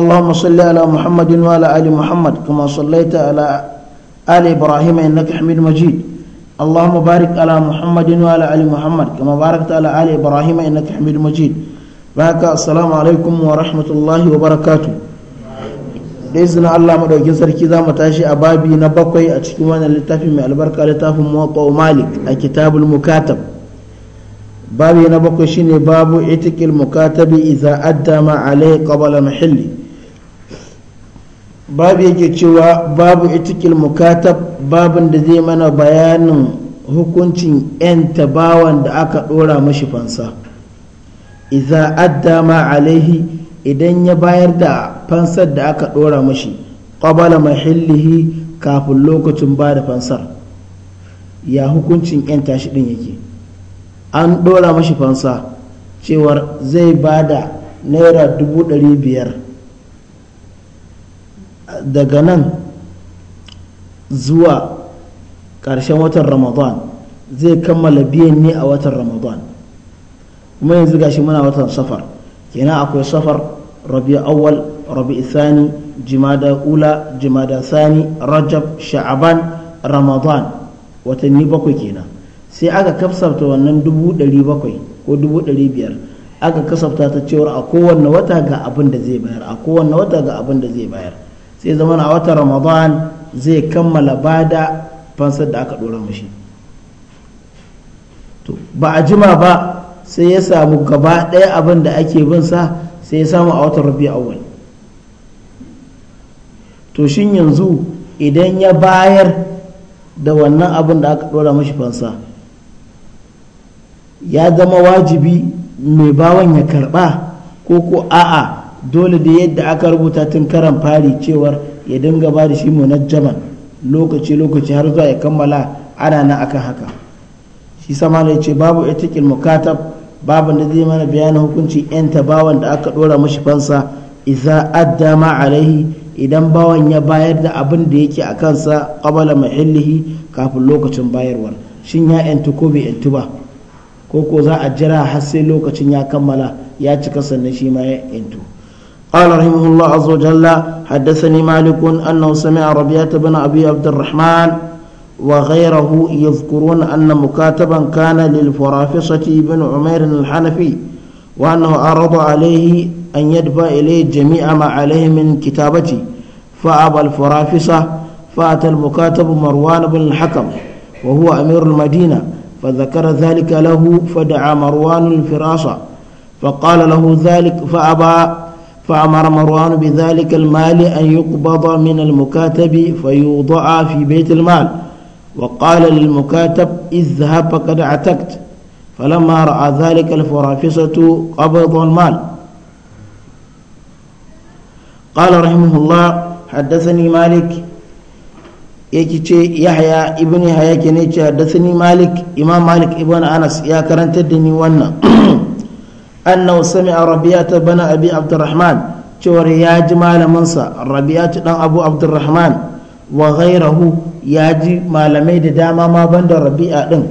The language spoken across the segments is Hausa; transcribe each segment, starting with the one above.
اللهم صل على محمد وعلى آل محمد كما صليت على آل إبراهيم إنك حميد مجيد اللهم بارك على محمد وعلى آل محمد كما باركت على آل إبراهيم إنك حميد مجيد بارك السلام عليكم ورحمة الله وبركاته بإذن الله مدوكين سركي ذا متاشي أبابي نبقي أتشكوان اللتافي من البركة لتاف موطأ مالك الكتاب المكاتب بابي نبقي شيني باب إتك المكاتب إذا أدى ما عليه قبل محله babu yake cewa babu itikil mukatab babin da zai mana bayanin hukuncin 'yan tabawan da aka ɗora mashi fansa iza adda ma alaihi idan ya bayar da fansar da aka ɗora mashi ƙwabala mahillihi kafin lokacin ba da fansar ya hukuncin 'yan tashi ɗin yake an ɗora mashi fansa cewar zai ba da naira dubu ɗari biyar daga nan zuwa ƙarshen watan ramadan zai kammala biyan ne a watan ramadan kuma yanzu gashi muna watan safar kenan akwai safar rabi awwal rabi isani jimada ula jimada sani rajab sha'aban ramadan watanni bakwai kenan sai aka kafsafta wannan dubu ɗari bakwai ko dubu ɗari biyar aka kasafta ta cewar a kowanne wata ga abin da zai bayar a kowanne wata ga abin da zai bayar sai zama a watan ramadan zai kammala bada fansar da aka dora mashi ba a jima ba sai ya samu gaba ɗaya abin da ake bin sa sai ya samu a watan rabi awal to shin yanzu idan ya bayar da wannan abin da aka dora mashi fansa ya zama wajibi mai bawan ya karba ko ko a'a dole da yadda aka rubuta tun karan fari cewar ya dinga ba da shi munajjaman lokaci lokaci har zuwa ya kammala ana na akan haka shi sama ne ce babu etikin mukatab babu da zai mana bayanin hukunci yan tabawan da aka dora mashi fansa iza adda ma alaihi idan bawan ya bayar da abin da yake a kansa mai mahillihi kafin lokacin bayarwar shin ya yantu ko bai yantu ba ko ko za a jira har sai lokacin ya kammala ya cika sannan shi ma ya yantu قال رحمه الله عز وجل حدثني مالك أنه سمع ربيعة بن أبي عبد الرحمن وغيره يذكرون أن مكاتبا كان للفرافصة بن عمير الحنفي وأنه عرض عليه أن يدفع إليه جميع ما عليه من كتابته فأبى الفرافصة فأتى المكاتب مروان بن الحكم وهو أمير المدينة فذكر ذلك له فدعا مروان الفراسة فقال له ذلك فأبى فأمر مروان بذلك المال أن يقبض من المكاتب فيوضع في بيت المال وقال للمكاتب اذهب فقد عتقت فلما رأى ذلك الفرافصة قبض المال قال رحمه الله حدثني مالك يكي يحيى ابن يحيى كنيتي حدثني مالك إمام مالك ابن أنس يا كرنت الدنيا annahu sami'a rabiyata bana abi abdurrahman cewar ya ji malaminsa rabiyatu dan abu abdurrahman wa ghairahu ya ji malamai da dama ma banda rabi'a din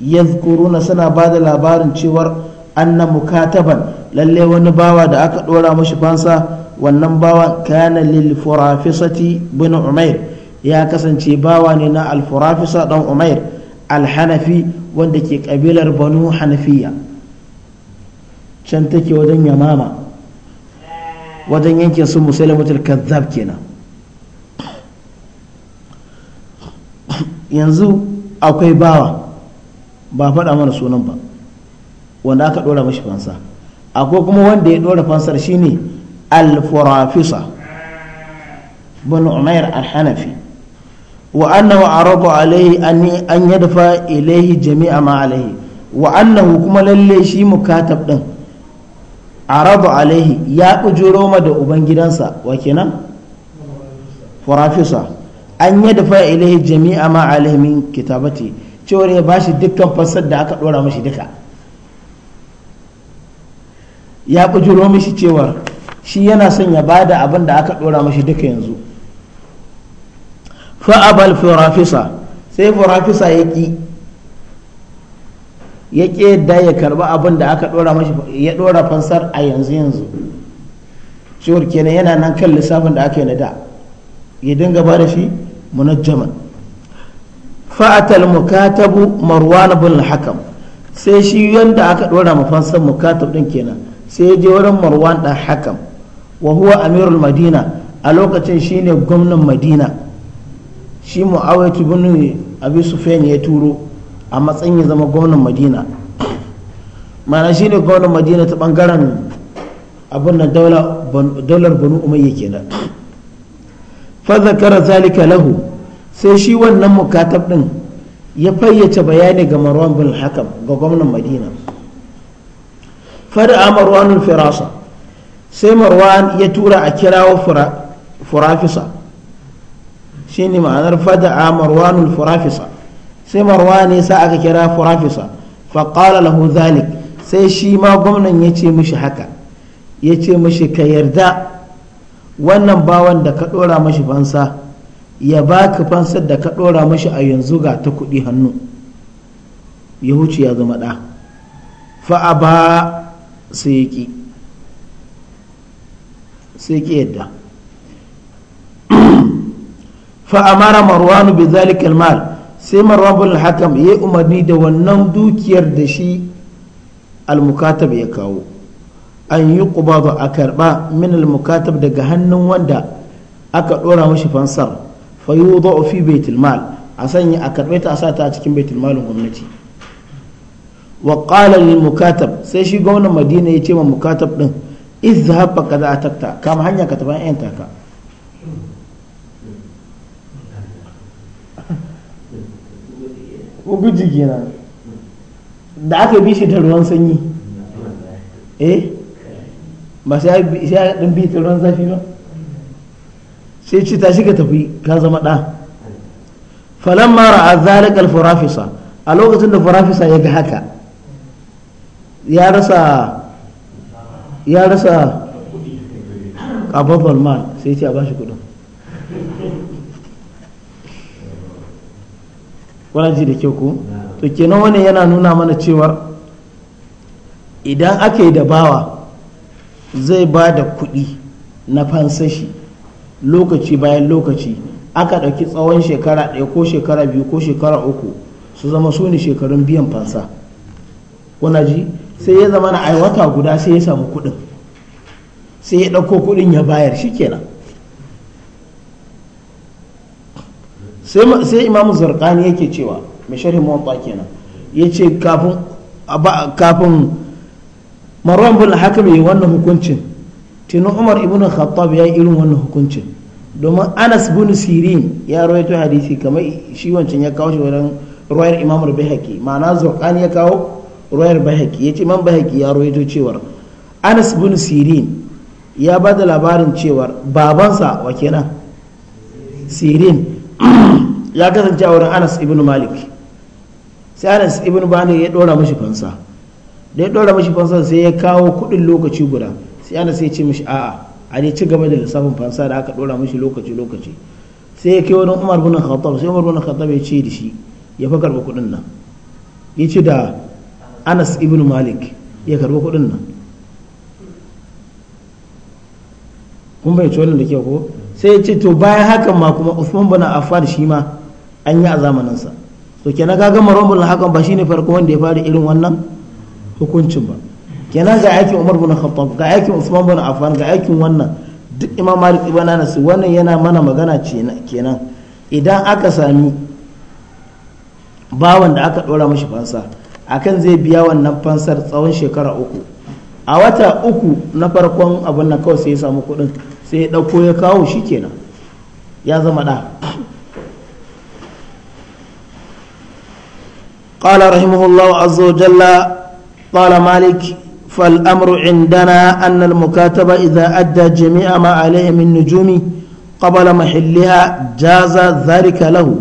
yazkuruna suna ba da labarin cewar anna mukataban lalle wani bawa da aka dora mashi fansa wannan bawa kana lil furafisati bin umair ya kasance bawa ne na al furafisa dan umair al hanafi wanda ke kabilar banu hanafiya can take wajen yamama wajen yankin su musulmatul kazzab kenan yanzu akwai bawa ba faɗa mana sunan ba wanda aka ɗora mashi fansa akwai kuma wanda ya ɗora fansar shine ne furafisa bin umair alhanafi hanafi wa annahu aradu alaihi an fa ilaihi jami'a ma alaihi wa annahu kuma lalle shi mukatab din arabu alaihi ya bujuro roma da ubangidansa wa kenan farafisa an yi dafa ilahi jami'a ma alhamin kitabati cewar ya bashi dukkan fassar da aka ɗora mashi duka ya bujuro mashi cewar shi yana son ya ba da abin da aka ɗora mashi duka yanzu fa'abal farafisa sai farafisa ya ki ya ƙeda ya karba abin da aka ɗora mashi ya ɗora fansar a yanzu yanzu cewar kenan yana nan kan lissafin da aka yi na da ya dinga ba da shi munajjaman fa'atal mukatabu marwan bin hakam sai shi yadda aka ɗora ma fansar mukatab ɗin kenan sai ya je wurin marwan ɗan hakam wa huwa amirul madina a lokacin shine gwamnan madina shi mu'awaitu bin abi sufyan ya turo a matsayin ya zama gwamnan madina mana shi ne gwamnan madina ta bangaren abin nan daular banu umayya kenan fa zakara zalika lahu sai shi wannan mukatab din ya fayyace bayani ga marwan bin hakam ga gwamnan madina fada marwanul firasa sai marwan ya tura a kirawo furafisa shi ne ma'anar fada marwanul furafisa sai marwa ne sa aka kira furafisa faƙala lahu zalik sai shi ma gwamnan ya ce mishi haka ya ce mishi ka yarda wannan bawan da ka ɗora mashi fansa ya baka fansar da ka ɗora mashi a yanzu ga ta kuɗi hannu ya huce ya zama ɗa fa'a ba sai ya ƙi sai ki yadda marwanu bi zalikal mal sai marwabul hakam ya umarni da wannan dukiyar da shi almukatab ya kawo an yi ba a karɓa min almukatab daga hannun wanda aka ɗora mashi fansar fa yi fi baitul mal a sanya a karɓe ta a sa ta a cikin baitul gwamnati wa qala lil mukatab sai shi gwamnan madina ya ce ma mukatab din izhab kaza atakta kama hanya ka tafi yan taka guji kenan da aka bi shi da ruwan sanyi eh ba sai ya ɗan bi ta ruwan zafi ba sai ce ta shiga tafi ka zama ɗa falon mara a al farafisa a lokacin da farafisa ya ga haka ya rasa ya rasa ƙababbar mal sai ce a bashi kudin kuna ji da kyau ko to kenan wani yana nuna mana cewa idan aka yi da bawa zai ba da kuɗi na fansashi lokaci bayan lokaci aka ɗauki tsawon shekara ɗaya ko shekara biyu ko shekara uku su zama su ne shekarun biyan fansa kuna ji sai ya zama na ai wata guda sai ya samu kuɗin sai ya ɗauko kuɗin ya bayar shi kenan sai imam zarqani yake cewa mai sharhi muwatta kenan ya ce kafin marwan bin hakim yi wannan hukuncin tinu umar ibn khattab ya yi irin wannan hukuncin domin anas bin sirin ya rawaito hadisi kamar shi wancan ya kawo shi wajen ruwayar imam al ma'ana zarqani ya kawo ruwayar ya ce imam bihaqi ya rawaito cewar anas bin sirin ya ba da labarin cewar babansa wa kenan sirin ya kasance a wurin anas ibn malik sai anas ibn bani ya dora mashi fansa da ya dora mashi fansa sai ya kawo kudin lokaci guda sai anas ya ce mashi a'a a ne ci gaba da lissafin fansa da aka dora mashi lokaci lokaci sai ya kai wurin umar bin khattab sai umar bin khattab ya ce da shi ya fa karba kudin nan ya ce da anas ibn malik ya karba kudin nan kun bai wannan da ke ko sai ya ce to bayan hakan ma kuma usman bin affan shi ma an yi a zamaninsa to kenan ka gama romul hakan ba shine farko wanda ya fara irin wannan hukuncin ba kenan ga aikin umar bin khattab ga aikin usman bin affan ga aikin wannan duk imam malik ibn anas wannan yana mana magana kenan idan aka sami bawan da aka dora mashi fansa akan zai biya wannan fansar tsawon shekara uku a wata uku na farkon abin nan kawai sai ya samu kuɗin sai ya ɗauko ya kawo shi kenan ya zama ɗa قال رحمه الله عز وجل قال مالك فالأمر عندنا أن المكاتبة إذا أدى جميع ما عليه من نجوم قبل محلها جاز ذلك له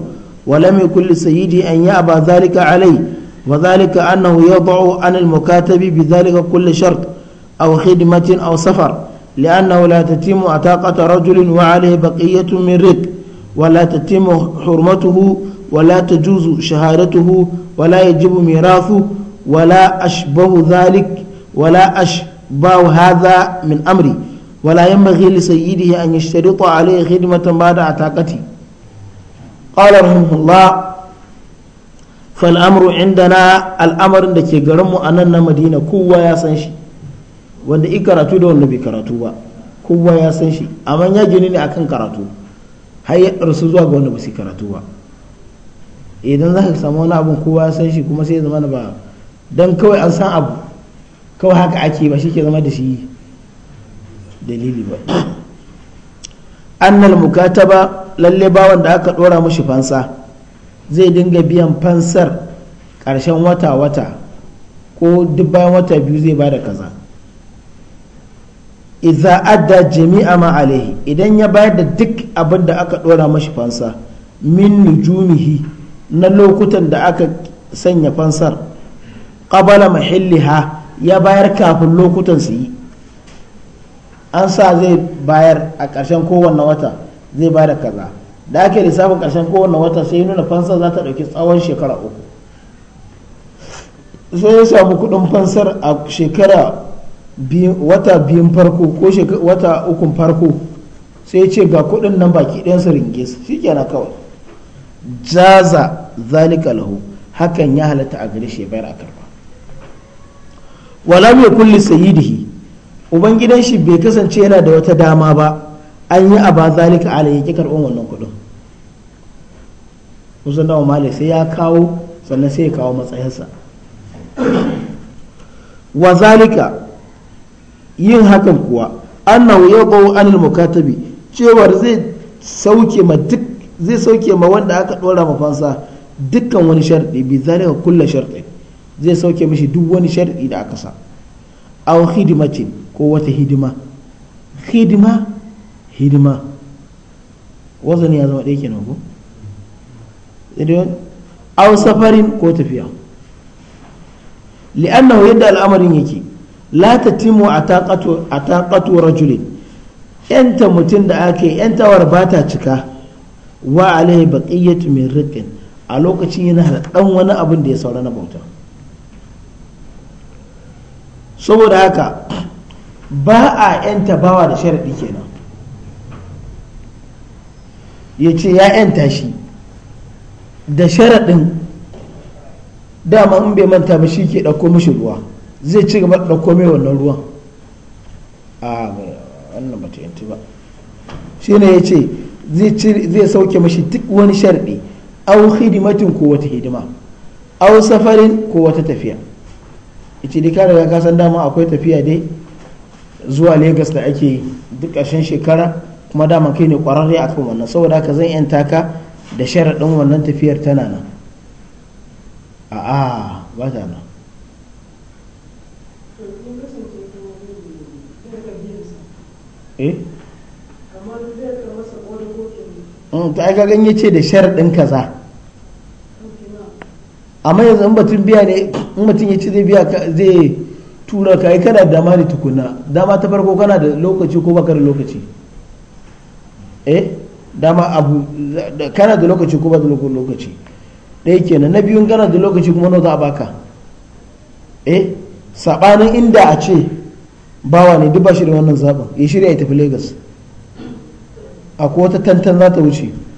ولم يكن لسيدي أن يأبى ذلك عليه وذلك أنه يضع عن المكاتب بذلك كل شرط أو خدمة أو سفر لأنه لا تتم عتاقة رجل وعليه بقية من رق ولا تتم حرمته ولا تجوز شهادته ولا يجب ميراثه ولا أشبه ذلك ولا أشبه هذا من أمري ولا ينبغي لسيده أن يشترط عليه خدمة بعد عتاقته قال رحمه الله فالأمر عندنا الأمر عندك يقرم أننا مدينة كوا يا سنشي wanda i karatu da wanda bai karatu ba kowa ya san shi amma ya gini ne akan karatu har ya rasu zuwa ga wanda ba su karatu ba idan za ka samu wani abun kowa san shi kuma sai ya zama ba don kawai an san abu kawai haka ake ba shi ke zama da shi dalili ba annal mukataba lalle bawan da aka dora mushi fansa zai dinga biyan fansar karshen wata-wata ko duk bayan wata biyu zai ba da kaza idza adda jami'a ma alaihi idan ya bayar da duk abin da aka dora mashi fansa min nujumihi na lokutan da aka sanya fansar qabala ha ya bayar kafin lokutan su yi an sa zai bayar a ƙarshen kowanne wata zai bada kaza da ake lissafin ƙarshen kowanne wata sai nuna fansar za ta ɗauki tsawon shekara uku sai ya samu kuɗin fansar a shekara wata biyun farko ko wata ukun farko sai ce ga kuɗin nan baki ɗayansu ringis shi kenan kawai jaza zalika lahu hakan ya halatta a gare shi bayar a karba wala mai kulli sayyidihi ubangidan shi bai kasance yana da wata dama ba an yi aba zalika alayhi ki karban wannan kuɗin musan dawo mali sai ya kawo sannan sai ya kawo matsayinsa wa zalika yin hakan kuwa annahu yaqaw anil mukatabi cewar zai sauke ma duk zai sauke ma wanda aka dora mafansa dukkan wani sharɗi bi zalika kullu sharɗin zai sauke mishi duk wani sharɗi da aka sa aw hidimatin ko wata hidima hidima hidima wazani ya zama ɗaya kenan ko aw safarin ko tafiya li'annahu yadda al'amarin yake la tatimu ataqatu ataqatu rajulin yanta mutum da ake yantawar ba ta cika wa alaihi baƙiyyatu min riqin a lokacin yana da wani abin da ya saura na bauta saboda haka ba a yanta bawa da sharaɗi kenan ya ce ya yanta shi da sharaɗin dama in bai manta ba shi ke ɗauko mashi ruwa zai ci gaba da ɗauko mai wannan ruwan a wannan ba yanta ba shi ne ya ce zai sauke mashi duk wani sharaɗi aw hidimatin ko wata hidima aw safarin ko wata tafiya ita dai ka riga ka san dama akwai tafiya dai zuwa Legas da ake yi duk ƙarshen shekara kuma dama kai ne ƙwararre kan wannan saboda haka zan yanta ka da sharaɗin wannan tafiyar tana nan a ba ta nan ta aika eh? mm, ganye ce da sharaɗin kaza amma yanzu in batun biya ne in mutum ya ci zai biya zai tura ka kana da dama ne tukuna dama ta farko kana da lokaci ko baka da lokaci eh dama abu kana da lokaci ko baka da lokaci ɗaya kenan na biyun kana da lokaci kuma nawa za a baka eh sabanin inda a ce bawa ne duk ba shi da wannan zaɓin ya shirya ya tafi lagos akwai wata tantan za ta wuce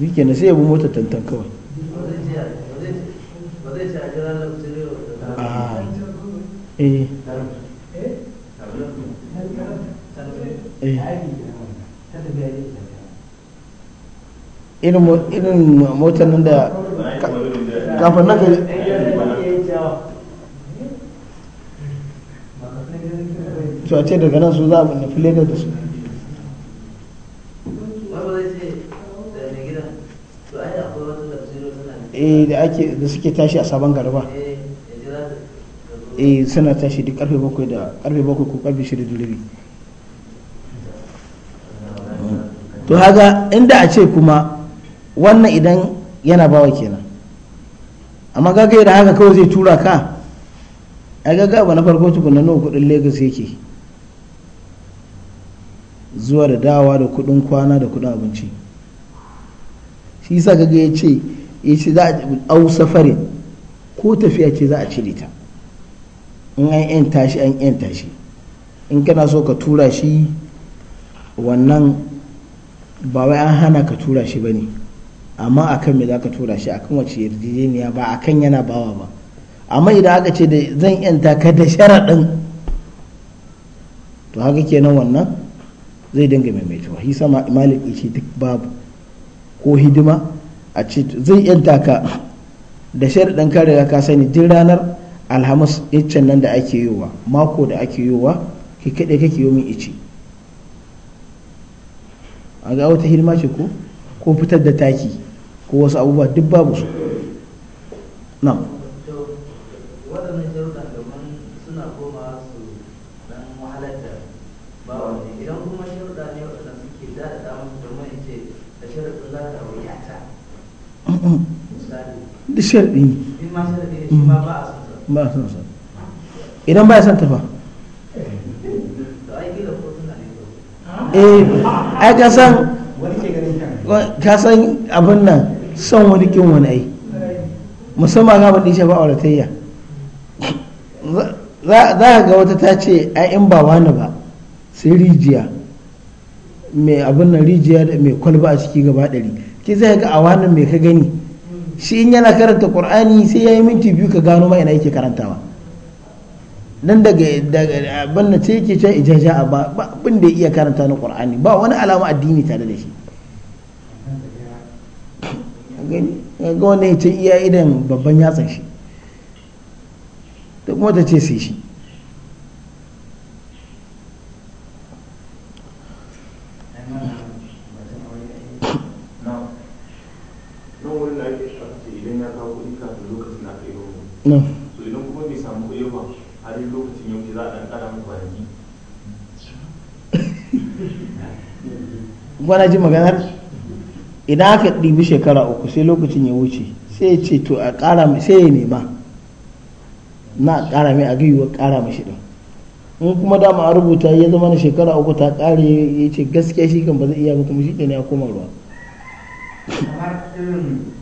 bi da sai ya bu mota tantan kawai ah, eh. Eh. motar nan da kafin na gari to a ce daga nan su za a nufi lagos da su Eh, da ake da suke tashi a sabon garba eh, eh suna tashi duk karfe bakwai da karfe bakwai ko karfe shida da rabi to haga inda a ce kuma wannan idan yana bawa kenan amma gaga da haka kawai zai tura ka a gaga ba na farko tukuna nawa kudin lagos yake zuwa da dawa da kudin kwana da kudin abinci shi sa gaga ya ce yace za a au safarin ko tafiya ce za a cire ta in an yan tashi an yan tashi in kana so ka tura shi wannan ba wai an hana ka tura shi ba ne amma akan me za ka tura shi akan wace yarjejeniya ba kan yana bawa ba amma idan aka ce da zan yanta ka da sharaɗin to haka kenan wannan zai dinga maimaituwa shi sama malik ce duk babu ko hidima a ce zai yanta taka da sharaɗin ka ka sani duk ranar alhamis iccen nan da ake wa mako da ake wa ki kaɗe kake yi min ice a ga wata hidima ce ko ko fitar da taki ko wasu abubuwa duk babu su ba a idan ba ya san ta fa eh ai ka san abin nan son wani kin wani ai musamman ga abin da a wadatayya za ka ga wata ta ce ai in ba wani ba sai rijiya mai abin nan rijiya da mai kwalba a ciki gaba ɗari ki zai ga a wani mai ka gani shi in yana karanta qur'ani sai ya yi minti biyu ka gano ma ina yake karantawa nan daga abin da sai yake can ijaja ba abin da ya iya karanta na qur'ani ba wani alama addini tare da shi ga wani ya ce iya idan babban yatsan shi da kuma ta ce sai shi so idan kuma bai samu kuɗi ba a duk lokacin yau za a ɗan ƙara kwanaki kwana ji maganar idan aka ɗibi shekara uku sai lokacin ya wuce sai ya ce to a ƙara mai sai ya nema na ƙara mai a gaiwa ƙara mashi ɗin in kuma dama a rubuta ya zama na shekara uku ta ƙare ya ce gaskiya shi kan ba zai iya ba kuma shi ɗin ya koma ruwa kamar irin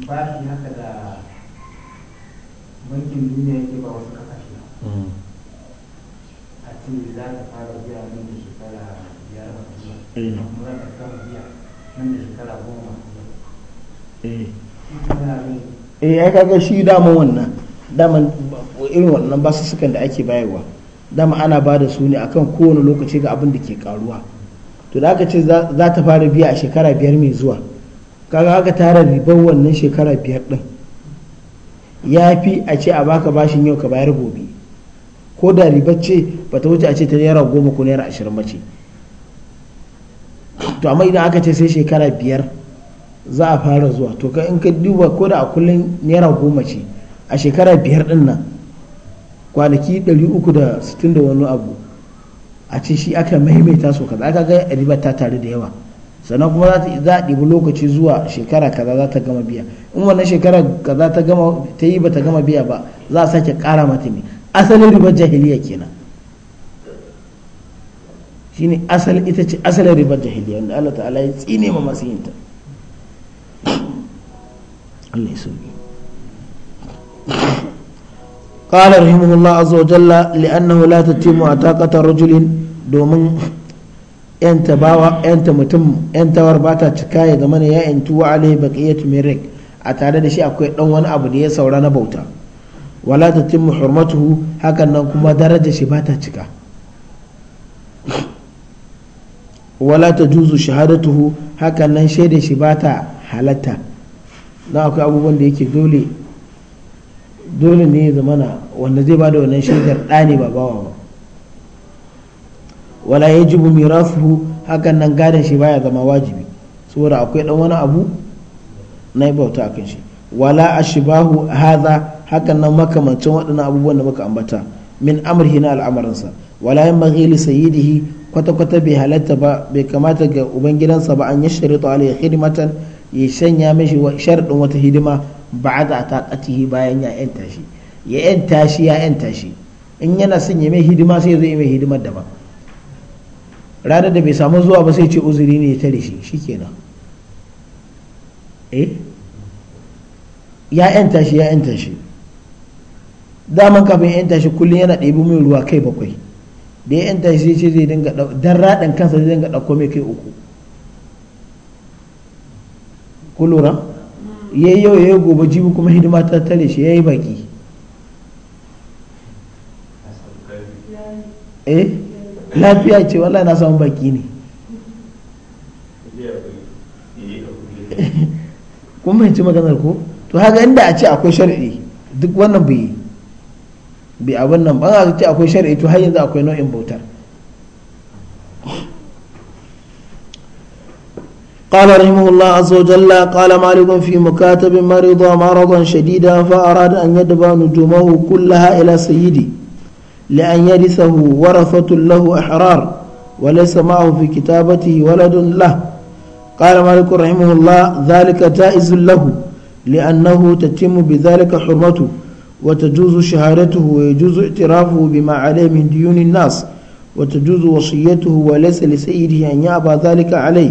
shi haka da bankin duniya yake ba wasu kasashe hmm. a cikin za ta fara biya nan da shekara biyar ba eh. kuma za ta fara biya nan da shekara goma eh ya eh, kaga shi dama wannan dama irin wannan basussukan da ake bayarwa dama ana ba da su ne akan kowane lokaci ga abin da ke karuwa to da aka ce za ta fara biya a shekara biyar mai zuwa kaga aka tara ribar wannan shekara biyar din ya fi a ce a baka bashin yau ka bayar gobe ko da riba ce ba ta wuce a ce ta naira goma ko naira ashirin ba ce to amma idan aka ce sai shekara biyar za a fara zuwa to ka in ka duba ko da a kullum naira goma ce a shekara biyar din nan kwanaki uku da sittin da wani abu a ce shi aka maimaita so kaza aka ga riba ta tare da yawa sannan kuma za a ɗibi lokaci zuwa shekara kaza za ta gama biya in wannan shekara kaza ta gama ta yi ba ta gama biya ba za a sake ƙara mata ne asalin ribar jahiliya kenan shine asal ita ce asalin ribar jahiliya wanda Allah ta'ala ya tsine ma masu yin ta Allah ya sauke قال رحمه الله عز وجل لأنه لا تتم عتاقة رجل دومن yanta bawa yanta mutum yantawar ba ta cika ya zama ya yantu wa alai baqiyatu mirik a tare da shi akwai dan wani abu da ya saura na bauta wala tatimmu hurmatuhu hakan nan kuma daraja shi ba ta cika wala ta juzu shahadatuhu hakan nan shaida shi ba ta halatta na akwai abubuwan da yake dole dole ne ya zamana wanda zai ba da wannan shaidar ɗani ba bawa ba wala ya mirasuhu hakan nan gadon shi baya zama wajibi saboda akwai dan wani abu na bauta akan shi wala ashbahu hadha hakan nan makamancin waɗannan abubuwan da muka ambata min amrihi na al'amarinsa wala yin li sayidihi kwata kwata bai halatta ba bai kamata ga ubangidansa ba an yashrita alayhi khidmatan ya sanya mishi sharadin wata hidima ba'da taqatihi bayan ya yanta shi ya yanta shi ya yanta shi in yana son ya mai hidima sai ya zai mai hidimar daban ranar da bai samu zuwa ba sai ce uzuri ne ta shi shikenan eh ya yanta shi ya yanta shi daman kafin ya yanta shi kullum yana ɗebi mai ruwa kai bakwai da ya yanta shi sai ce zai dinga dan raɗin kansa zai dinga ɗauko mai kai uku ku lura ya yi yau ya yi gobe jibi kuma hidima ta tare shi ya yi baki eh lafiya ce wallahi na samun baki ne kun fahimci maganar ko to haka inda a ce akwai shari'i duk wannan bai bi abin nan ba a ce akwai shari'i to har yanzu akwai nau'in bautar قال رحمه الله عز وجل قال مالك في مكاتب مرض مرضا شديدا فأراد أن يدبر نجومه كلها إلى سيدي لأن يرثه ورثة له أحرار وليس معه في كتابته ولد له قال مالك رحمه الله ذلك جائز له لأنه تتم بذلك حرمته وتجوز شهادته ويجوز اعترافه بما عليه من ديون الناس وتجوز وصيته وليس لسيده أن يأبى ذلك عليه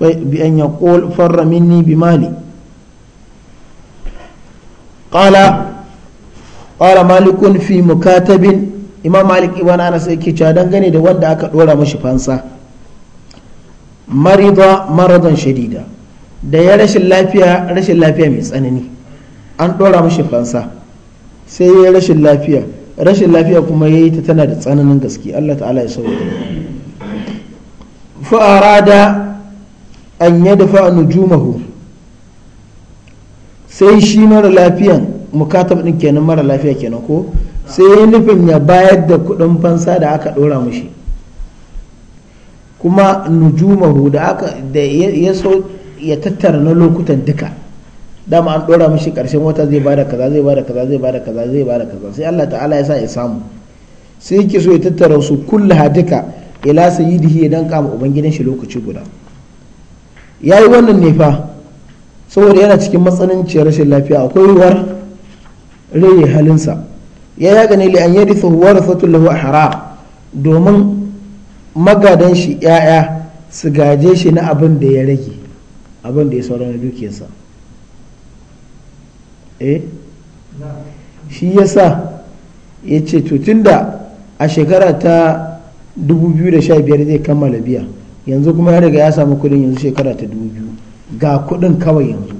بأن يقول فر مني بمالي قال ƙwara malikun fi mukatabin imam malik na anas yake cewa dangane da wanda aka ɗora mashi fansa marida maradon shadida da ya rashin lafiya rashin lafiya mai tsanani an dora mashi fansa sai ya rashin lafiya rashin lafiya kuma ya yi ta tana da tsananin gaske Allah ta'ala ya sauya fa'ara da an yadda fa'a nujumahu sai shi mara lafiyan mukatab din kenan mara lafiya kenan ko sai ya nufin ya bayar da kudin fansa da aka ɗora mushi kuma nujumahu da aka da ya so ya tattara na lokutan duka dama an dora mushi karshen wata zai bada kaza zai bada kaza zai bada kaza zai bada kaza sai Allah ta'ala ya sa ya samu sai yake so ya tattara su kullaha duka ila sayyidihi dan danka ma ubangidan shi lokaci guda yayi wannan ne fa saboda yana cikin matsananciyar rashin lafiya akwai yiwuwar raye halinsa ya yaga ne li an da fahuwar a hara domin magadan shi ya'ya su gaje shi na abin da ya rage abin da ya saura na dukiyarsa eh shi yasa ya ce tutun da a shekara ta 2015 zai kammala biya yanzu kuma ya riga ya samu kudin yanzu shekara ta 2000 ga kudin kawai yanzu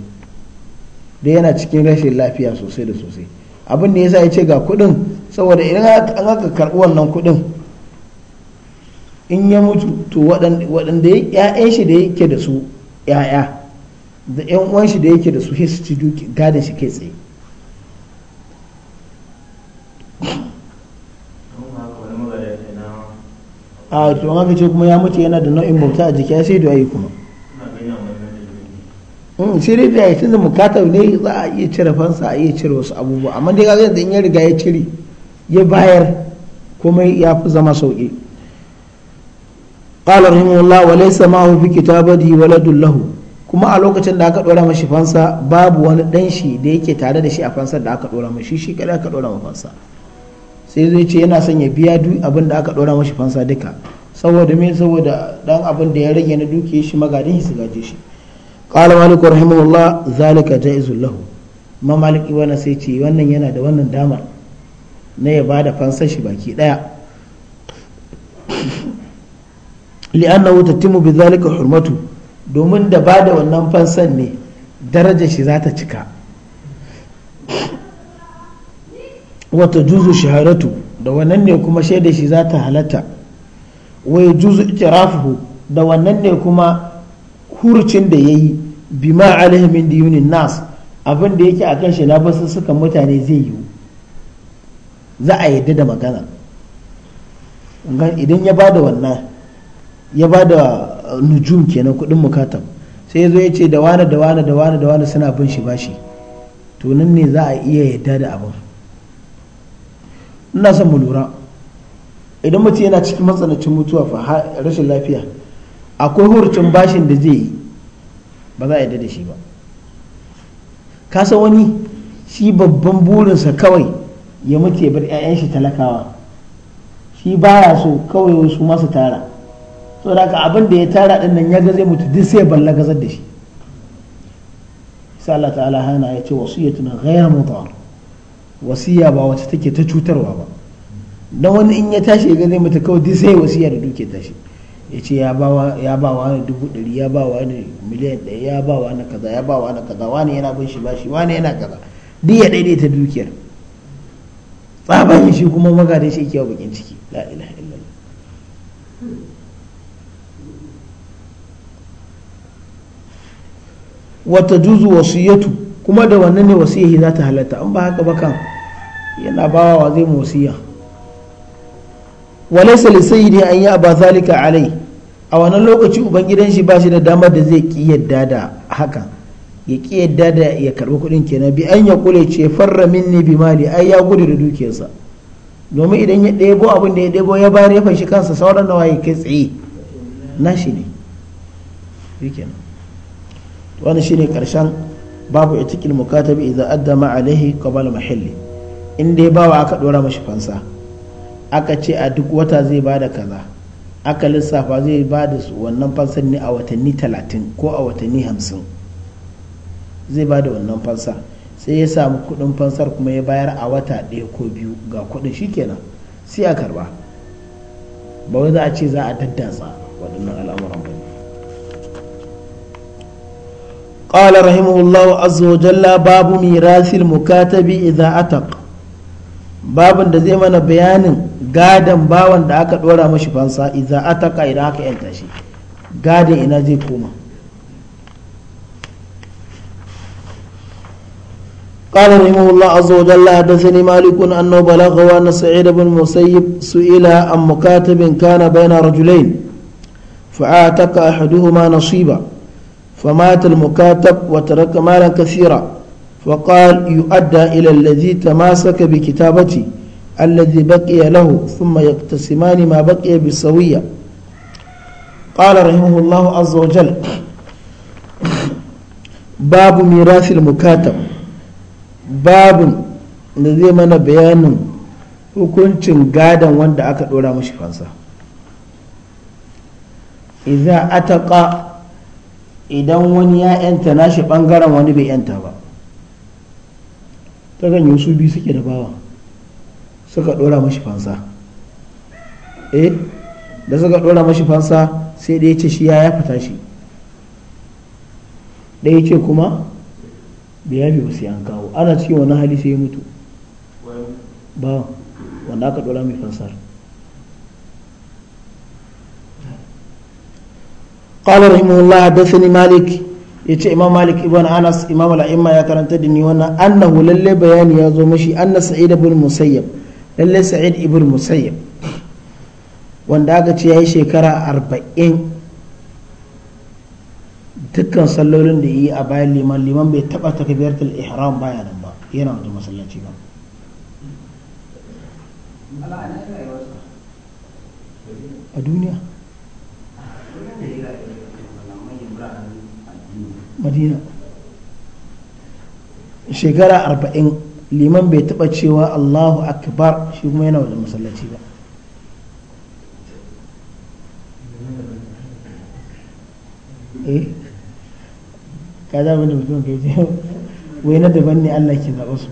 da yana cikin rashin lafiya sosai da sosai abin da yasa ya ce ga kuɗin saboda idan an aka karɓi wannan kuɗin in ya mutu to waɗanda ƴaƴan shi da yake da su ya'ya da ƴan uwan shi da yake da su su ci gadin shi kai tsaye a to haka ce kuma ya mutu yana da nau'in bauta a jiki ya sai da yi kuma Hmm. sai dai da yayin da mukatar ne za a iya cire fansa a iya cire wasu abubuwa amma dai gaza yanzu in ya riga ya cire ya bayar komai ya fi zama sauki qala rahimahullah wa laysa ma'ahu fi kitabati waladun lahu kuma a lokacin da aka dora mashi fansa babu wani dan shi da yake tare da shi a fansar da aka dora mashi shi kada aka dora mashi fansa sai zai ce yana son ya biya duk abin da aka dora mashi fansa duka saboda me saboda dan abin da ya rage na dukiyar shi magadin shi su gaje shi qala malik allah zalika ja'izu lahu ma maliki wani sai ce wannan yana da wannan damar na ya bada fansar shi baki daya li'annahu tatimu bi zalika hurmatu domin da ba da wannan fansan ne darajar shi za ta cika wata juzu shaharatu da wannan ne kuma shaida shi za ta halatta wai juzu rafuhu da wannan ne kuma hurcin da ya yi bima da yuni nas abin da yake akan shi na basu suka mutane zai yiwu za a yadda da magana idan ya bada wannan ya bada uh, nujum kenan kudin mukatam sai ya zo ya ce da wane da wane da wane da wane suna bin shi bashi to nan ne za a iya yadda da abin ina son mu lura idan mutum yana cikin matsanancin mutuwa fa rashin lafiya akwai hurucin bashin da zai yi ba za a yadda da shi ba kasa wani shi babban burinsa kawai ya mutu bar 'ya'yan shi talakawa shi baya so kawai wasu masu tara so da abin da ya tara din nan ya ga mutu duk sai balla gazar da shi sai Allah ta'ala hana ya ce na ghayra mudar wasiya ba wacce take ta cutarwa ba na wani in ya tashi ya ga zai mutu kawai duk sai wasiya da duke tashi ya ce ya ba wa ne dubu ɗari ya ba wa ne miliyan ɗaya ya ba wa ne kaza ya ba wa ne kaza wani yana bin shi bashi wani yana kaza duk ya daidaita dukiyar tsaban shi kuma magadin shi kyau bakin ciki la ilaha illallah wata juzu wasiyatu kuma da wannan ne wasiyahi za ta halatta an ba haka ba kan yana bawa wa zai mu wasiya walaysa li sayyidi an a ba zalika alai a wannan lokaci uban gidan shi ba shi da damar da zai ki yadda da haka ya ki yadda da ya karbi kuɗin kenan bi an ya kule ce farra minni bi mali ai ya gudu da dukiyarsa domin idan ya ɗebo abin da ya ɗebo ya bayar ya fashi kansa sauran nawa ya kai tsaye na shi ne wani shi shine karshen babu itikil mukatabi idza addama alaihi kabal mahalli in dai bawa aka dora mashi fansa aka ce a duk wata zai ba da kaza aka lissafa zai ba da wannan fansar ne a watanni talatin ko a watanni hamsin zai ba da wannan fansa sai ya samu kudin fansar kuma ya bayar a wata ɗaya ko biyu ga kudin shikenan sai a karba ba wai za a ce za a daddatsa waɗannan al'amuran ba قال رحمه الله عز وجل باب ميراث المكاتب إذا أتق babin da zai mana bayanin gadon bawan da aka dora mashi fansa idan ataka idan aka yanta shi gadon ina zai koma قال رحمه الله عز وجل حدثني مالك أنه بلغه أن سعيد بن المسيب سئل عن مكاتب كان بين رجلين فآتك أحدهما نصيبا فمات المكاتب وترك مالا كثيرا وقال يؤدى إلى الذي تماسك بكتابتي الذي بقي له ثم يقتسمان ما بقي بالسوية قال رحمه الله عز وجل باب ميراث المكاتب باب الذي من بيان hukuncin gadon wanda aka dora mashi fansa idan ataka idan wani ya yanta nashi bangaren wani bai yanta ba ta yi su biyu suke da bawa suka dora mashi fansa eh da suka dora mashi fansa sai ɗaya ce shi ya ya fita shi ɗaya ce kuma biya biyu sai an kawo ana cikin wani hali sai ya mutu ba wanda aka dora mai fansar قال رحمه الله حدثني مالك yace imam malik ibn anas imam al-a'imma ya karanta da ni wannan annahu lalle bayani ya zo mashi anna sa'id ibn musayyab lalle sa'id ibn musayyab wanda aka ce yayi shekara 40 dukkan sallolin da yi a bayan liman liman bai taba takbiratul ihram baya nan ba yana wajen masallaci ba a duniya madina shekara arba'in liman bai taɓa cewa allahu akbar shi kuma yana wajen masallaci ba eh ka za wani mutum ka yi wai na daban ne allah ke zaɓa su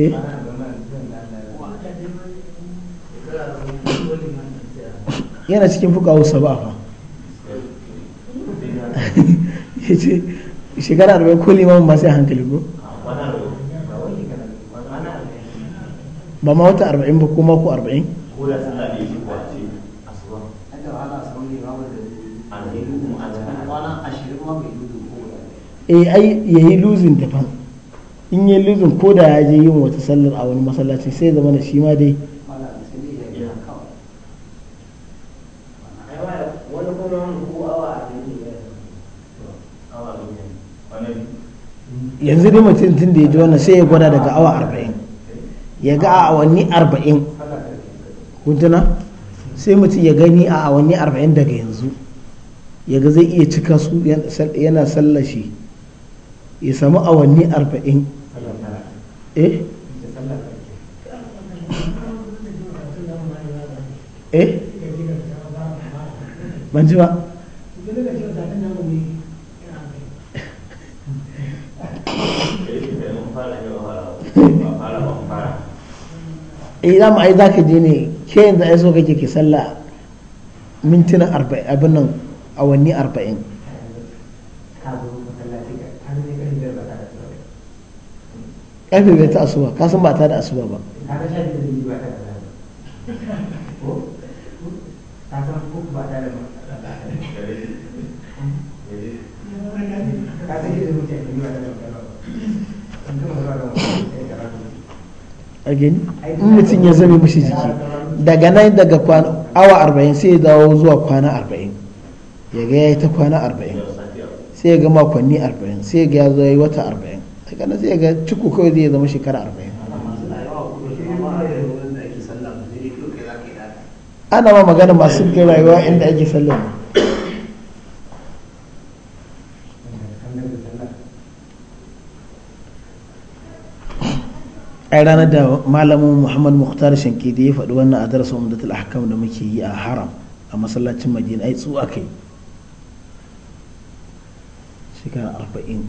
Eh? yana cikin fukawo saba fa ya ce shekara arba'in ko limamin masu sai hankali ko ba ma wata arba'in ba ko mako arba'in eh ai yayi luzin daban in yi lizin ko da ya je yin wata sallar a wani masallaci sai zama da shi ma dai yanzu dai mutum tun da ya ji wannan sai ya gwada daga awa arba'in ya ga a awanni arba'in kuntuna sai mutum ya gani a awanni arba'in daga yanzu ya ga zai iya cika su yana sallashi ya samu awanni arba'in eh eh ban ji ba idan eh, ai za ka je ne ke yanzu ai so kake ki sallah mintuna arba'in abin nan awanni arba'in karfe bai ta asuba ka san ba ta da asuba ba a in mutum ya zame mashi jiki daga nan daga awa arba'in sai ya dawo zuwa kwana arba'in ya ga ya yi ta kwana arba'in sai ya ga makonni arba'in sai ya ga ya zo ya yi wata arba'in shekara sai ga ciku kawai zai zama shekara arba'in ana ma magana masu kai rayuwa inda ake sallama ai ranar da malamin muhammad muhtar shankidi ya faɗi wannan a darasin umdatul ahkam da muke yi a haram a masallacin madina ai tsu aka yi shekara arba'in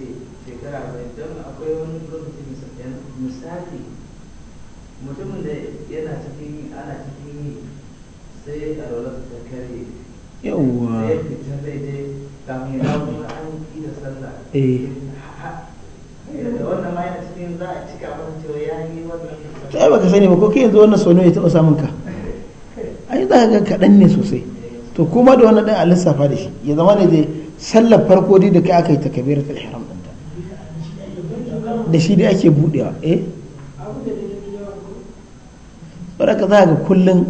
shekara bai don akwai wani lokacin misali mutumin da yana cikin yi ana cikin yi sai a rolar ta kare yawwa sai fita daidai kamin ya kuma an yi da sallah eh. yana cikin za a cika masa cewa ya yi sai baka sani ba ko kai yanzu wannan sono ya taɓa samun ka ai za ka kaɗan ne sosai to kuma da wannan ɗan a lissafa da shi ya zama da dai sallar farko dai da kai aka yi takabiratul ihram din da shi da ake budewa eh baraka za ga kullun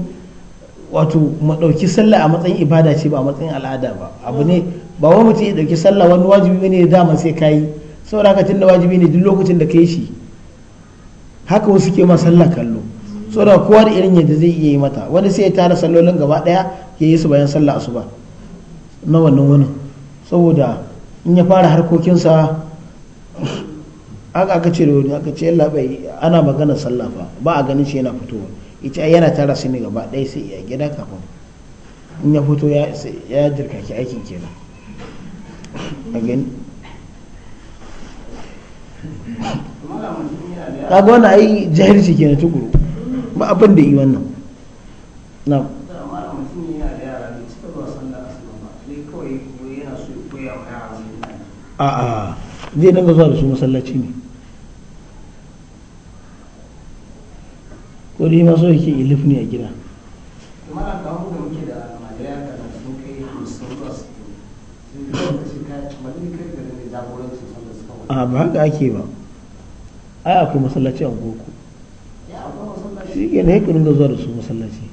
wato mu ɗauki sallah a matsayin ibada ce ba a matsayin al'ada ba abu ne ba wani mutum ya dauki sallah wani wajibi ne dama sai ka yi saboda ka tinda wajibi ne duk lokacin da ka shi haka wasu ke ma sallah kallo saboda kowa da irin yadda zai iya yi mata wani sai ya tara sallolin gaba daya ya yi su bayan sallah asuba na wannan wani saboda in ya fara harkokinsa haka aka ce da wani aka ce yalla bai ana magana sallah fa ba a ganin shi yana fitowa ita yana tara su gaba ɗaya sai ya gida kafin in ya fito ya ya ki aikin kenan a gani kaga wannan ai jahilci kenan tukuru ba abin da yi wannan na a'a zai dinga zuwa da su masallaci ne kodi dai ma so yake ne a gida a ba haka ake ba ai akwai masallaci a boko shi ke na hekurin da zuwa da su masallaci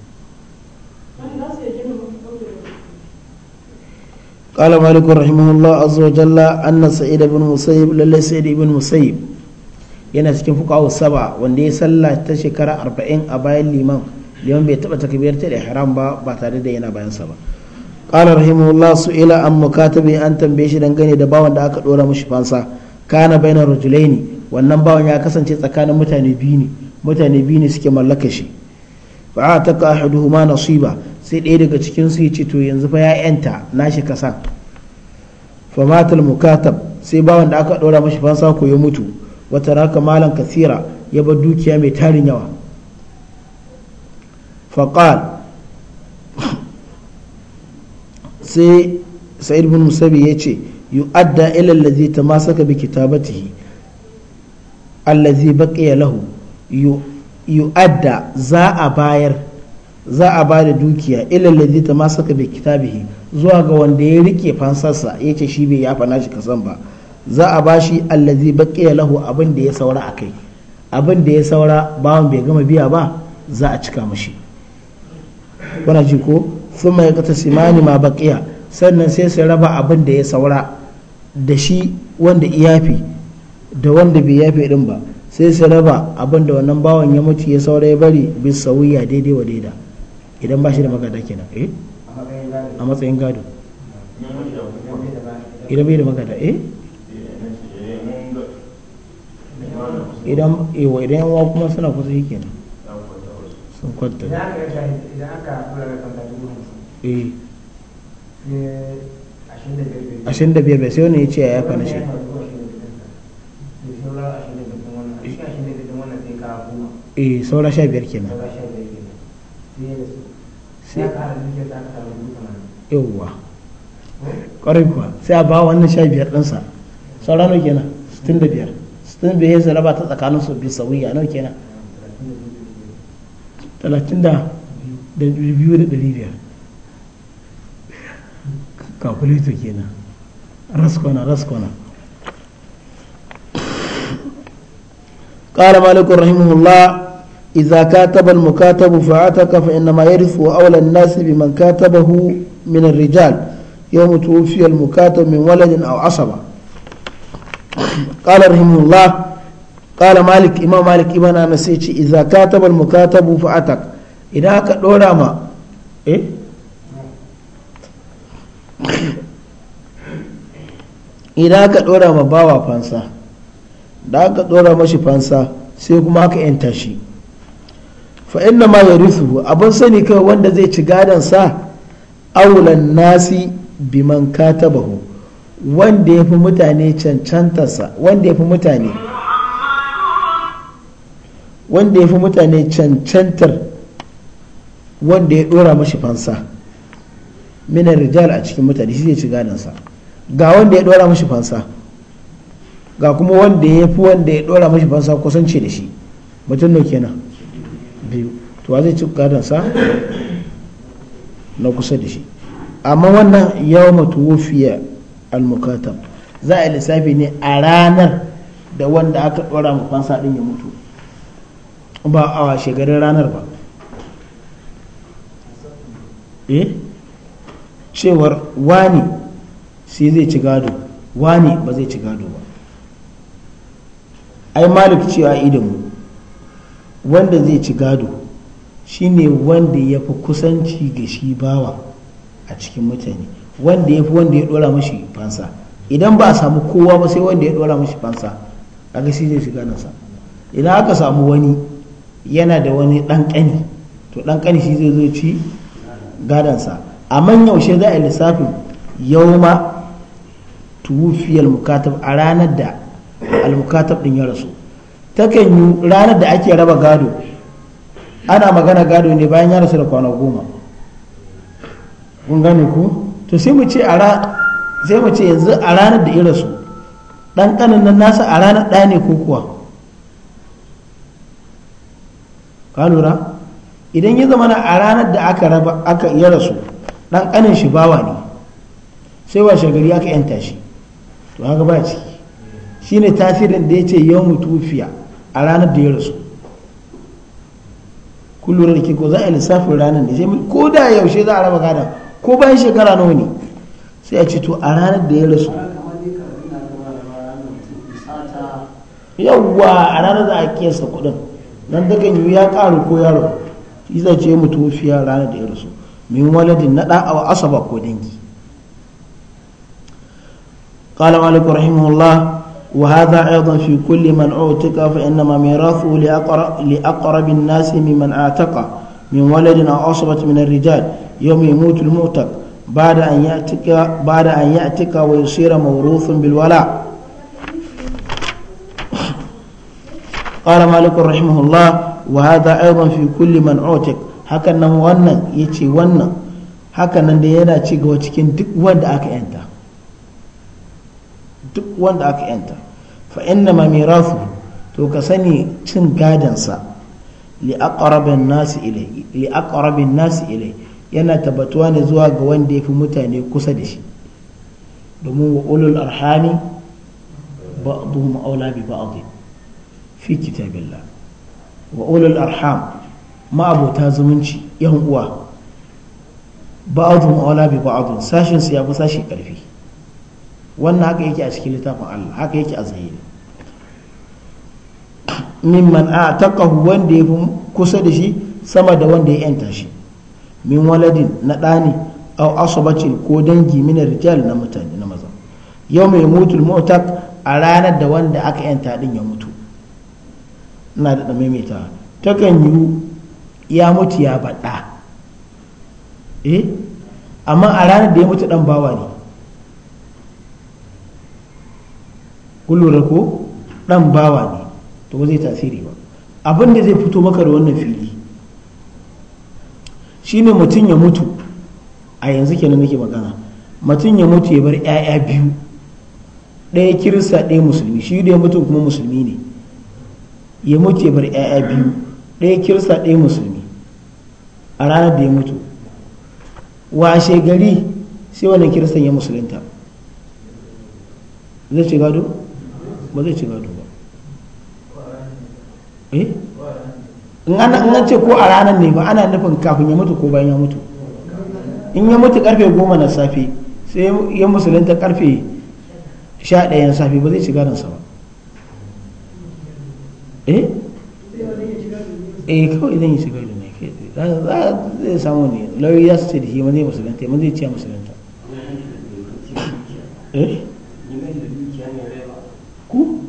قال مالك رحمه الله عز وجل أن سعيد بن مسيب للي سعيد بن مسيب yana cikin fuqahu saba wanda ya sallah ta shekara arba'in a bayan liman liman bai taba ta da haram ba ba tare da yana bayan sa ba qala rahimahullah su'ila an mukatabi an tambaye shi dangane da bawan da aka ɗora mashi fansa na kana bainar ne wannan bawan ya kasance tsakanin mutane biyu ne mutane biyu ne suke mallaka shi fa ataka ahaduhuma nasiba sai ɗaya daga cikin su ya to yanzu fa ya yanta nashi kasan fa matal mukatab sai bawan da aka dora mashi fansa ko ya mutu wata raka malan kasira ya bar dukiya mai tarin yawa faƙal sai sa'id bin musabi ya ce yu'adda ila allazi tamasaka bi kitabatihi allazi baqiya lahu yu'adda za a bayar za a ba da dukiya ilallazi ta masaka bai kitabihi zuwa ga wanda ya rike fansarsa ya ce shi bai yafa nashi kasan ba za a bashi allazi ya lahu abin da ya saura a kai abin da ya saura bawan bai gama biya ba za a cika mashi wannan ji ko kata simani ma ya sannan sai su raba abin da ya saura da shi wanda iyafi da wanda bai fi din ba sai su raba abin da wannan bawan ya mutu ya saura ya bari bis sauya daidai wa daida idan ba shi da magada kenan eh a matsayin gado idan bai da magada eh idan ewa idan yawa kuma suna kusa shi kenan sun kwanta da aka yi idan aka kula da kwanta dubu hamsin eh. Eh, ashirin da biyar bai sai wani ya ce ya yafa na shi eh saura sha biyar kenan yauwa eh? ƙwarai kuwa sai a ba wannan sha biyar ɗansa saura nau kenan 65 sun biyu sai raba ta tsakanin su bi sauya nau kenan talatin da da biyu da ɗari biyar kakulito kenan raskona raskona قال مالك رحمه الله إذا كاتب المكاتب فعتق فإنما يرث أولى الناس بمن كاتبه من الرجال يوم توفي المكاتب من ولد أو عصبه قال رحمه الله قال مالك إمام مالك إمام أنا إذا كاتب المكاتب فأتك إذا كدورا ما إيه idan aka ɗora ma bawa fansa da mashi fansa sai kuma aka yanta shi fa inna ma ya rufu abin sani kai wanda zai ci gadon sa aulan nasi biman katabahu wanda ya fi mutane cancantarsa wanda ya fi mutane wanda ya fi mutane cancantar wanda ya dora mashi fansa mina rijal a cikin mutane shi zai ci gadansa ga wanda ya dora mashi fansa ga kuma wanda ya fi wanda ya dora mashi fansa kusanci da shi mutum nau kenan biyu to wa zai ci gadansa na kusa da shi amma wannan yawon matuwofiya al za a lissafi ne a ranar da wanda aka ɗora ma fansa ɗin ya mutu ba a shekarun ranar ba eh cewar wani sai zai ci gado wani ba zai ci gado ba ai malik cewa idanmu wanda zai ci gado shine wanda ya fi kusanci ga shi bawa a cikin mutane wanda ya fi wanda ya dora mashi fansa idan ba a samu kowa ba sai wanda ya dora mashi fansa kaga shi zai shiga nasa idan aka samu wani yana da wani dan kani to dan shi zai zo ci gadansa a amma yaushe za a lissafin yauma tuwufiyar mukatab a ranar da almukatab ɗin ya rasu takan yi ranar da ake raba gado ana magana gado ne bayan ya rasu da kwana goma kun gane ku to sai mu ce sai mu ce yanzu a ranar da irasu dan kanin nan nasa a ranar ɗaya ne ko kuwa ka lura idan ya zama a ranar da aka raba aka ya rasu dan kanin shi bawa ne sai wa shagari aka yanta shi to haka ba ciki shine tasirin da ya ce yau mutufiya a ranar da ya rasu kullum da ke ko za a lissafin ranar da ko da yaushe za a raba gadon ko bayan shekara nawa ne sai a ce to a ranar da ya rasu yawwa a ranar da a yasa kudin nan daga yi ya karu ko yaro shi zai ce mutu fiya ranar da ya rasu min waladin na da'a asaba ko dangi قال مالك رحمه الله وهذا أيضا في كل من أعتق فإنما ميراثه لأقرب الناس ممن أعتق من ولد أو أصبت من الرجال يوم يموت الموتق بعد أن يأتك بعد أن يأتك ويصير موروث بالولاء قال مالك رحمه الله وهذا أيضا في كل من عوتك haka nan wannan ya ce wannan haka nan da yana cigaba cikin duk wanda aka yanta fa inna ma mirafu to ka sani cin gadansa sa li nasi ilai yana tabbatuwa ne zuwa ga wanda ya fi mutane kusa da shi domin wa ulul arhami ba'dhum aula bi ba'd fi kitabillah wa ulul arham ma'abota zumunci yan uwa ba'dhum aula bi ba'd sashin su ya fi sashi karfi wannan haka yake a cikin littafin Allah haka yake a zahiri mimman a taqahu wanda ya fi kusa da shi sama da wanda ya yanta shi min waladin na ɗani au asobacin ko dangi min rijal na mutane na maza yau mai mutul motar a ranar da wanda aka yanta din ya mutu ina da maimaita takan yi ya mutu ya baɗa eh amma a ranar da ya mutu ɗan bawa ne kullum ko ɗan bawa ne to zai tasiri ba abin da zai fito maka da wannan fili shine mutum ya mutu a yanzu kenan nake magana mutum ya mutu ya bar 'ya'ya biyu ɗaya kirista ɗaya musulmi shi da ya mutu kuma musulmi ne ya mutu ya bar 'ya'ya biyu ɗaya kirista ɗaya musulmi a ranar da ya mutu washe gari sai wannan kirista ya musulunta zai ce gado ba zai ce gado ba eh in an ce ko a ranar ne ba ana nufin kafin ya mutu ko bayan ya mutu in ya mutu karfe goma na safe sai ya musulunta karfe sha ɗaya na safe ba zai shiga ransa sama eh eh kawai zan yi shiga ne ke zai samu ne lauri ya su ce da shi ma zai musulunta ya mazai ce musulunta eh ku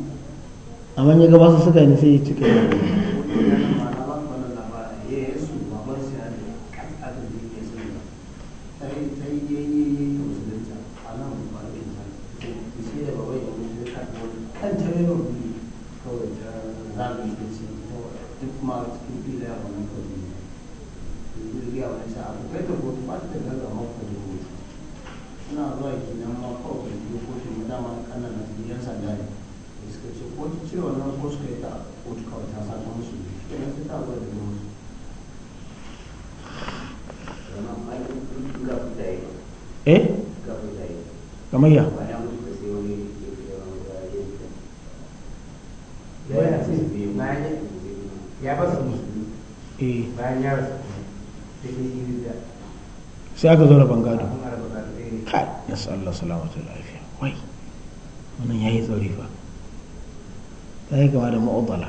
amma ya gaba su suka ne sai ya cika yi kawai ta zagaye da ce duk ma cikin fila ya wani kawai ne duk da suna zuwa kenan ma kawai da kotu na dama kanan na yan da na ko suka yi ta kotu da eh? ya sai aka zo rabon gado eh. kai ya Allah salamatu lafiya wai wannan ya yi tsauri fa ta yi kama da ma'udala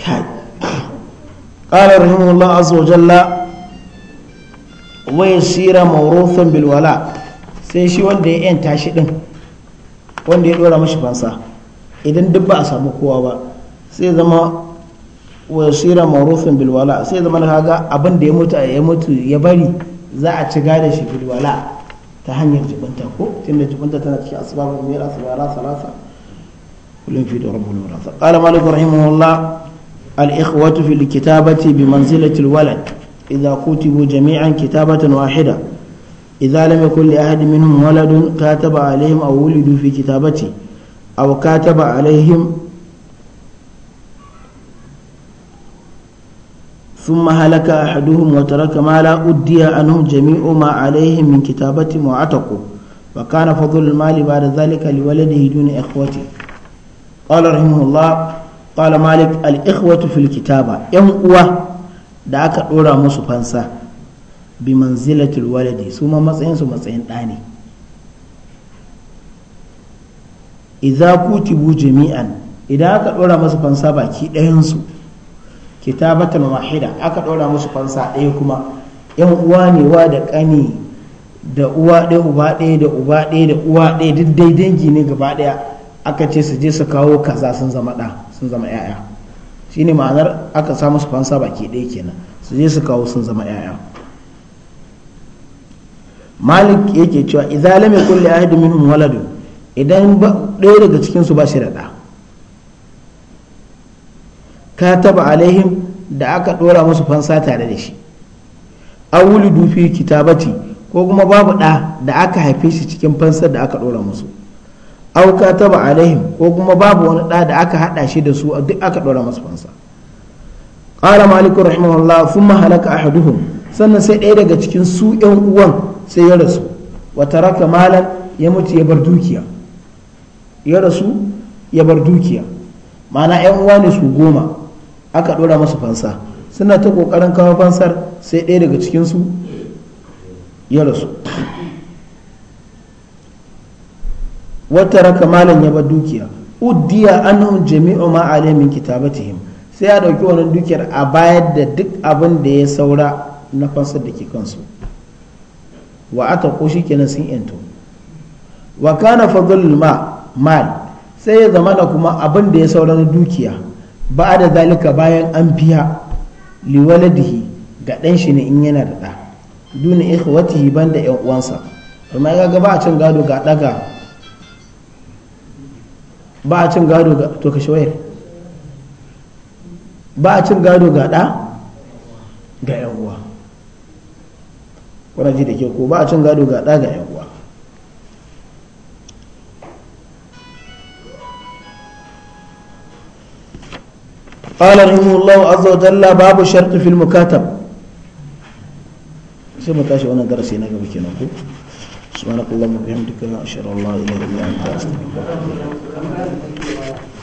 kai ƙalar rahimahullah azza wa jalla wai sira mawrufin bilwala sai shi wanda ya yanta shi din wanda ya dora mashi fansa idan duk ba a samu kowa ba sai zama wasira marufin bilwala sai zama na kaga abin da ya mutu ya mutu ya bari za a ci gada shi bilwala ta hanyar jibinta ko tunda jibinta tana cikin mai asbabun miyar asbara salasa kullum fi da rabbul murasa qala malik rahimahullah al ikhwatu fil kitabati bi manzilati al walad idha kutibu jami'an kitabatan wahida idha lam yakul li ahadin minhum waladun kataba alaihim aw wulidu fi kitabati aw kataba alaihim ثم هلك أحدهم وترك ما لا أدي عنهم جميع ما عليهم من كتابة وعتقوا وكان فضل المال بعد ذلك لولده دون إخوته قال رحمه الله قال مالك الإخوة في الكتابة يوم أوى دعك أورا مصفنسا بمنزلة الولد ثم مسعين ثم مسعين ثاني idza kutibu jami'an idan aka dora musu fansa baki ɗayan su kitabatan wahida aka dora musu fansa ɗaya kuma yan uwa ne wa da ƙani da uwa ɗaya uba ɗaya da uba ɗaya da uwa ɗaya duk dai dangi ne gaba ɗaya aka ce su je su kawo kaza sun zama ɗa sun zama ƴaƴa shine ma'anar aka sa musu fansa baki ɗaya kenan su je su kawo sun zama ƴaƴa malik yake cewa idza lam yakul li ahadin minhum waladun idan ɗaya daga cikinsu ba shi da ɗa ka taba alaihim da aka ɗora musu fansa tare da shi awuli dufi kitabati ko kuma babu ɗa da aka haife shi cikin fansar da aka ɗora musu au ka taba alaihim ko kuma babu wani ɗa da aka haɗa shi da su duk aka ɗora musu fansa ƙara maliku rahimahullah sun mahalaka haduhun sannan sai ɗaya daga cikin su ‘yan uwan sai ya rasu wata raka malan ya mutu ya bar dukiya ya rasu ya bar dukiya mana yan uwa ne su goma aka ɗora masu fansa suna ta kokarin kawo fansar sai ɗaya daga cikinsu ya rasu wata raka malam ya bar dukiya uddiya annahum jami'u ma alaihim kitabatihim sai ya ɗauki wannan dukiyar a bayar da duk abin da ya saura na fansar da ke kansu wa ata ko shi kenan sun yanto wa kana fadlul ma mal sai ya zama na kuma abin da ya saura dukiya ba da zalika bayan an biya liwaladihi ga ɗan shi ne in yana da ɗa duna ikhwatihi ban da ƴan uwansa amma ya ga ba a cin gado ga ɗaga ba a cin gado ga to kashe wayar ba a cin gado ga ɗa ga ƴan uwa kuna ji da ke ko ba a cin gado ga ɗa ga ƴan uwa قال رحمه الله عز وجل باب الشرط في المكاتب sai mu tashi wannan darasi na gaba kenan ko subhanakallahumma bihamdika ashhadu an la ilaha illa wa